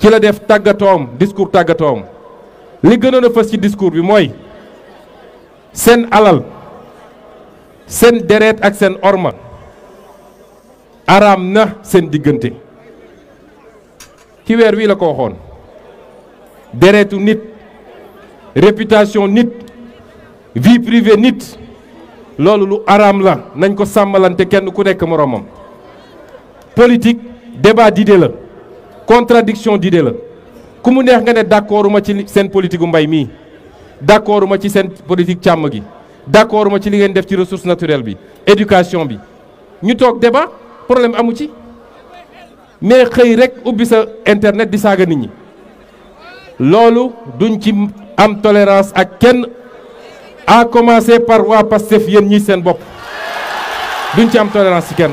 qui la fait tagatom, discours tagatom li qui a ci discours bi moy Sen alal sen deret ak sen orma Aram na sen diggante ci wi la ko nit réputation nit vie privée nit lolou lu aramla, la nañ ko sàmmalante kenn ku nek politique débat d'idées contradiction d'idée là. ku neex nga ne d'accorduma ci sen politique mbay mi d'accorduma ci sen politique cham gi d'accorduma ci li ngeen def ci ressources naturelles bi éducation bi ñu tok débat problème amu ci mais xey rek ubbi sa internet di saga nit ñi lolu duñ ci am tolérance ak kenn a commencer par waa Pastef yéen ñi sen bop duñ ci am tolérance ci kenn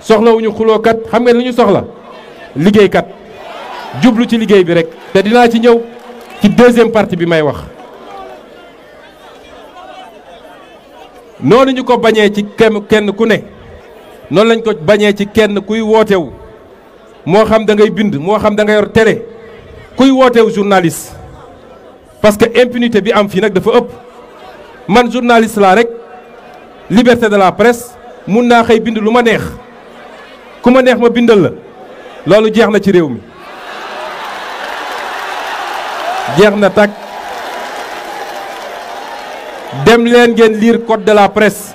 xulo kat xam nga lañu soxla soxla kat, jublu ci liggéey bi rek te dina ci ñëw ci deuxième partie bi may wax noonu ñu ko bañee ci kenn ku ne noonu lañ ko bañee ci kenn kuy wootewu moo xam da ngay bind moo xam da ngay yor télé kuy wootewu journaliste parce que impunité bi am fii nag dafa ëpp man journaliste laa rek liberté de la presse mun naa xëy bind lu ma neex ku ma neex ma bindal la loolu jeex na ci réew mi jeex na tàkk dem leen ngeen liir code de la presse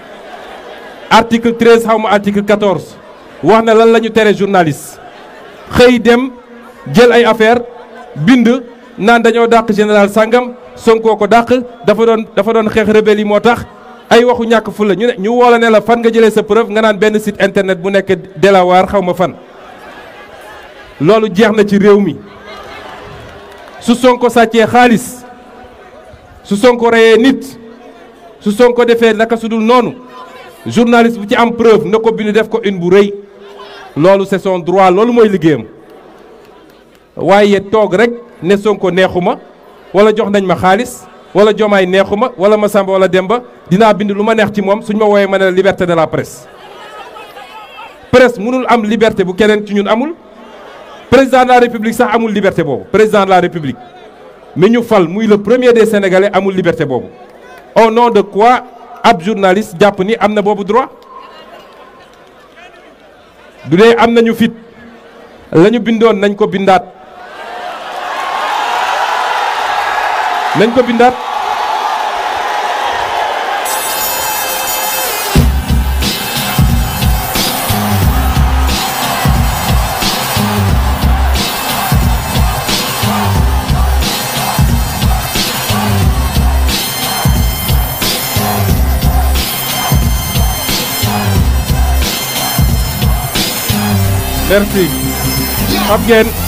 article 13 xaw ma article wax na lan la ñu tere journaliste xëy dem jël ay affaire bind naan dañoo dàq général sàngam Sonko ko dàq dafa doon dafa doon xeex rebelle yi moo tax ay waxu ñàkk fu la ñu ne ñu woola ne la fan nga jëlee sa preuve nga naan benn site internet bu nekk delawaar xaw ma fan loolu jeex na ci réew mi su ko sàccee xaalis su Sonko reyee nit su ko defee naka su dul noonu journaliste bu ci am preuve na ko bindu def ko une bu rëy loolu c'est son droit loolu mooy liggéeyam waaye toog rek ne Sonko neexu ma wala jox nañ ma xaalis wala jomay neexu wala ma samba wala demba Dina bind luma ma neex ci mom suñ ma woyé mané liberté de la presse presse mënul am liberté bu keneen ci ñun amul président de la république sax amul liberté bobu président de la république mais ñu fal muy le premier des sénégalais amul liberté bobu au nom de quoi ab journaliste japp ni amna bobu droit du amna ñu fit lañu bindoon nañ ko bindaat nañ ko bindaat Merci. Ab